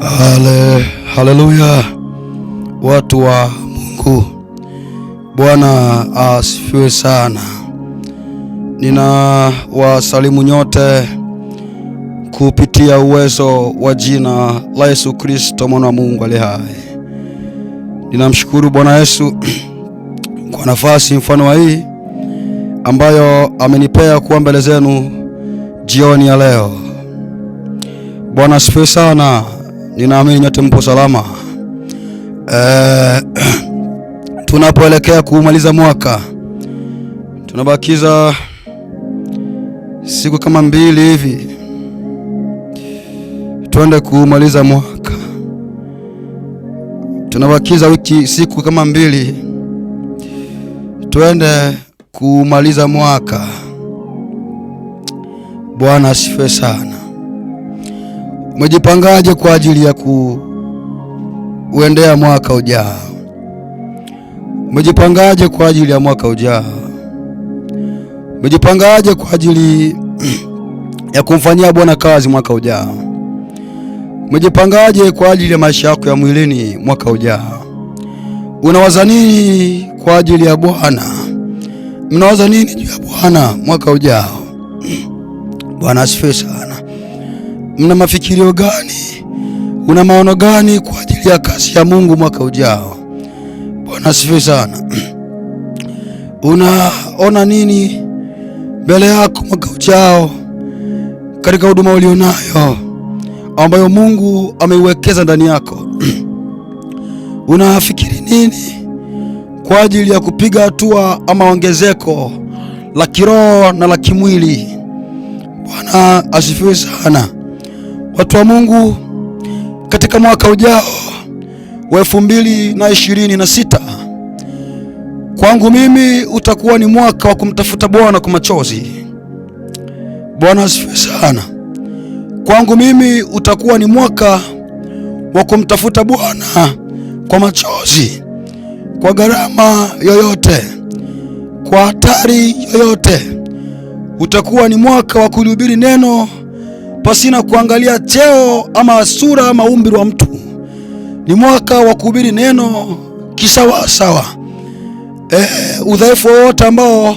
Ale, haleluya, watu wa Mungu, Bwana asifiwe sana. Nina wasalimu nyote kupitia uwezo wa jina la Yesu Kristo mwana wa Mungu aliye hai. Ninamshukuru Bwana Yesu kwa nafasi mfano wa hii ambayo amenipea kuwa mbele zenu jioni ya leo. Bwana asifiwe sana. Ninaamini nyote mpo salama. E, tunapoelekea kumaliza mwaka tunabakiza siku kama mbili hivi tuende kumaliza mwaka. Tunabakiza wiki siku kama mbili tuende kumaliza mwaka. Bwana asifiwe sana. Mwejipangaje kwa ajili ya kuuendea mwaka ujao? Mwejipangaje kwa ajili ya mwaka ujao? Mwejipangaje kwa ajili ya kumfanyia Bwana kazi mwaka ujao? Mwejipangaje kwa ajili ya maisha yako ya mwilini mwaka ujao? Unawaza nini kwa ajili ya Bwana? Mnawaza nini juu ya Bwana mwaka ujao? Bwana asifiwe sana. Mna mafikirio gani? Una maono gani kwa ajili ya kazi ya Mungu mwaka ujao? Bwana asifiwe sana. Unaona nini mbele yako mwaka ujao katika huduma ulionayo ambayo Mungu ameiwekeza ndani yako? Unafikiri nini kwa ajili ya kupiga hatua ama ongezeko la kiroho na la kimwili? Bwana asifiwe sana. Watu wa Mungu, katika mwaka ujao wa elfu mbili na ishirini na sita kwangu mimi utakuwa ni mwaka wa kumtafuta Bwana kwa machozi. Bwana asifiwe sana. Kwangu mimi utakuwa ni mwaka wa kumtafuta Bwana kwa machozi, kwa gharama yoyote, kwa hatari yoyote. Utakuwa ni mwaka wa kulihubiri neno pasina kuangalia cheo ama sura ama umbiri wa mtu. Ni mwaka wa kuhubiri neno kisawa sawa. Eh, udhaifu wowote ambao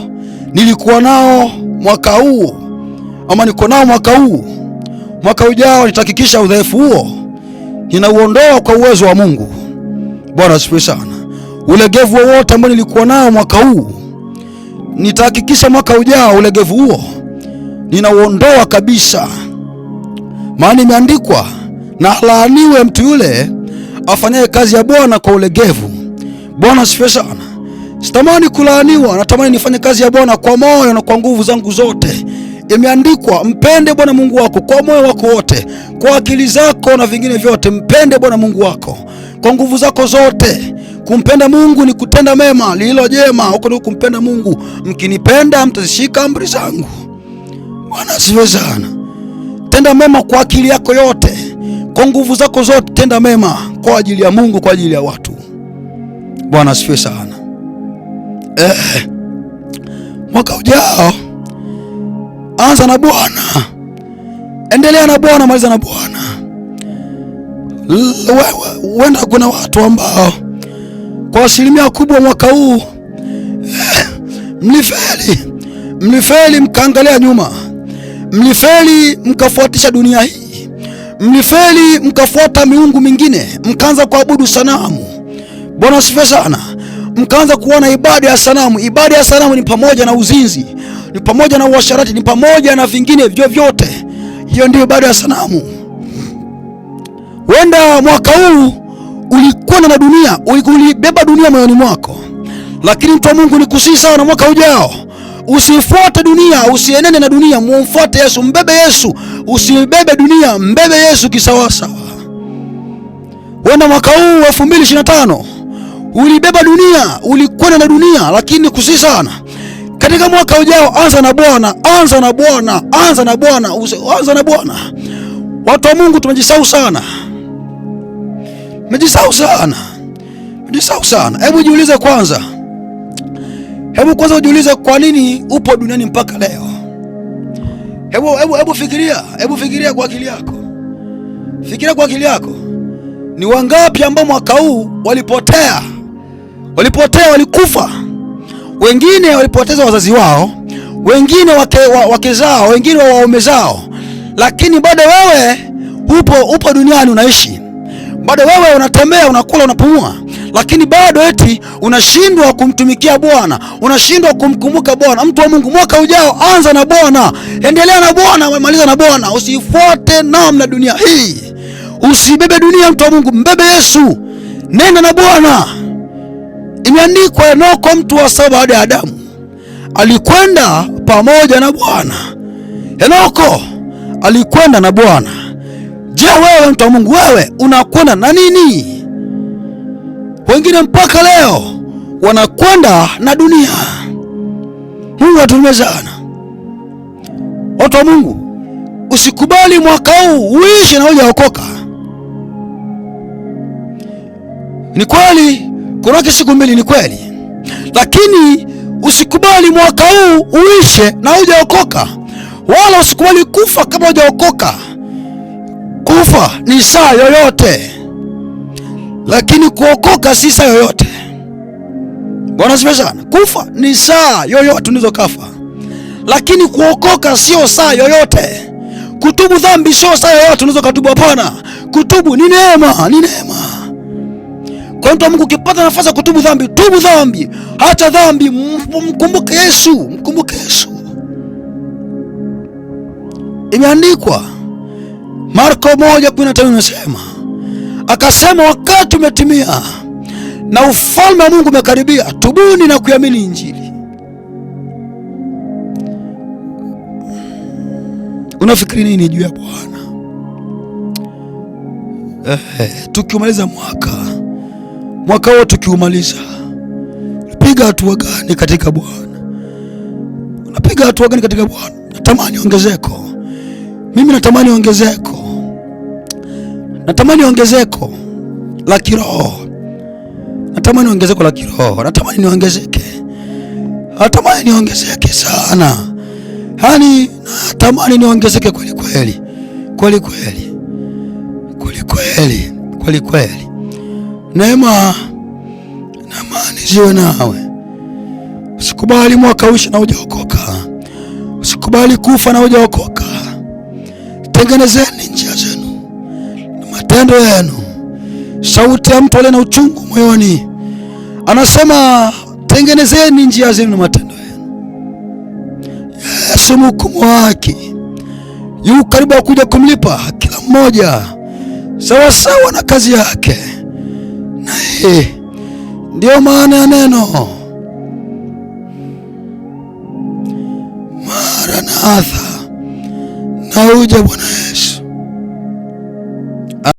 nilikuwa nao mwaka huu ama niko nao mwaka huu, mwaka ujao nitahakikisha udhaifu huo ninauondoa kwa uwezo wa Mungu. Bwana asifiwe sana. Ulegevu wowote ambao nilikuwa nao mwaka huu nitahakikisha mwaka ujao ulegevu huo ninauondoa kabisa maana imeandikwa, na laaniwe mtu yule afanyaye kazi ya Bwana kwa ulegevu. Bwana asifiwe sana. Sitamani kulaaniwa, natamani nifanye kazi ya Bwana kwa moyo na kwa nguvu zangu zote. Imeandikwa, mpende Bwana Mungu wako kwa moyo wako wote, kwa akili zako na vingine vyote. Mpende Bwana Mungu wako kwa nguvu zako zote. Kumpenda Mungu ni kutenda mema, lililo jema, huko ndio kumpenda Mungu. Mkinipenda mtazishika amri zangu. Bwana asifiwe sana. Tenda mema kwa akili yako yote, kwa nguvu zako zote, tenda mema kwa ajili ya Mungu, kwa ajili ya watu. Bwana asifiwe sana. Eh, mwaka ujao anza na Bwana, endelea na Bwana, maliza na Bwana. wenda, kuna watu ambao kwa asilimia kubwa mwaka huu eh, mlifeli mlifeli mkaangalia nyuma Mlifeli mkafuatisha dunia hii, mlifeli mkafuata miungu mingine, mkaanza kuabudu sanamu. Bwana asifiwe sana. Mkaanza kuona ibada ya sanamu. Ibada ya sanamu ni pamoja na uzinzi, ni pamoja na uasharati, ni pamoja na vingine vyovyote. Hiyo ndio ibada ya sanamu. Wenda mwaka huu ulikwenda na dunia, ulibeba dunia moyoni mwako, lakini mtu wa Mungu ni kusii sana mwaka ujao Usifuate dunia, usienene na dunia, mumfuate Yesu, mbebe Yesu, usibebe dunia, mbebe Yesu kisawasawa. Wenda mwaka huu elfu mbili ishirini na tano ulibeba dunia, ulikwenda na dunia, lakini kusi sana katika mwaka ujao. Anza na Bwana, anza na Bwana, anza na Bwana, anza na Bwana. Watu wa Mungu tumejisahau sana, mejisahau sana, mejisahau sana. Hebu jiulize kwanza Hebu kwanza ujiulize kwa nini upo duniani mpaka leo. Hebu, hebu, hebu fikiria, hebu fikiria kwa akili yako, fikiria kwa akili yako. Ni wangapi ambao mwaka huu walipotea, walipotea, walikufa? Wengine walipoteza wazazi wao, wengine wake, wa, wake zao, wengine wa waume zao, lakini bado wewe upo, upo duniani unaishi, bado wewe unatembea, unakula, unapumua lakini bado eti unashindwa kumtumikia Bwana, unashindwa kumkumbuka Bwana. Mtu wa Mungu, mwaka ujao anza na Bwana, endelea na Bwana, maliza na Bwana, usifuate namna dunia hii, usibebe dunia. Mtu wa Mungu, mbebe Yesu, nenda na Bwana. Imeandikwa Enoko, mtu wa saba baada ya Adamu, alikwenda pamoja na Bwana. Enoko alikwenda na Bwana. Je, wewe mtu wa Mungu, wewe unakwenda na nini? Wengine mpaka leo wanakwenda na dunia. Mungu atume sana watu wa Mungu. Usikubali mwaka huu uishi na hujaokoka. Ni kweli kunake siku mbili, ni kweli, lakini usikubali mwaka huu uishe na hujaokoka, wala usikubali kufa kama hujaokoka. Kufa ni saa yoyote lakini kuokoka si saa yoyote. Bwana sifa sana. Kufa ni saa yoyote unazokafa, lakini kuokoka sio saa yoyote. Kutubu dhambi sio saa yoyote unazokatubu. Hapana, kutubu ni neema, ni neema kwa mtu wa Mungu. Ukipata nafasi ya kutubu dhambi, tubu dhambi, hata dhambi, mkumbuke Yesu, mkumbuke Yesu. Imeandikwa Marko 1:15 inasema Akasema wakati umetimia na ufalme wa Mungu umekaribia, tubuni na kuiamini Injili. Unafikiri nini juu ya Bwana? Eh, tukiumaliza mwaka mwaka wote tukiumaliza, piga hatua gani katika Bwana? Unapiga hatua gani katika Bwana? Natamani ongezeko, mimi natamani ongezeko Natamani ongezeko la kiroho, natamani ongezeko la kiroho, natamani niongezeke, natamani niongezeke sana, yaani natamani niongezeke kweli kweli kweli kweli kweli kweli kweli kweli. Neema na amani ziwe nawe. Usikubali mwaka uishi na hujaokoka, usikubali kufa na hujaokoka. Tengenezeni matendo yenu. Sauti ya mtu na uchungu moyoni anasema, tengenezeni njia zenu na matendo yenu. Yesu mhukumu wa haki yu karibu kuja kumlipa kila mmoja sawasawa na kazi yake. hii ndiyo maana ya neno Maranatha, na uje Bwana Yesu.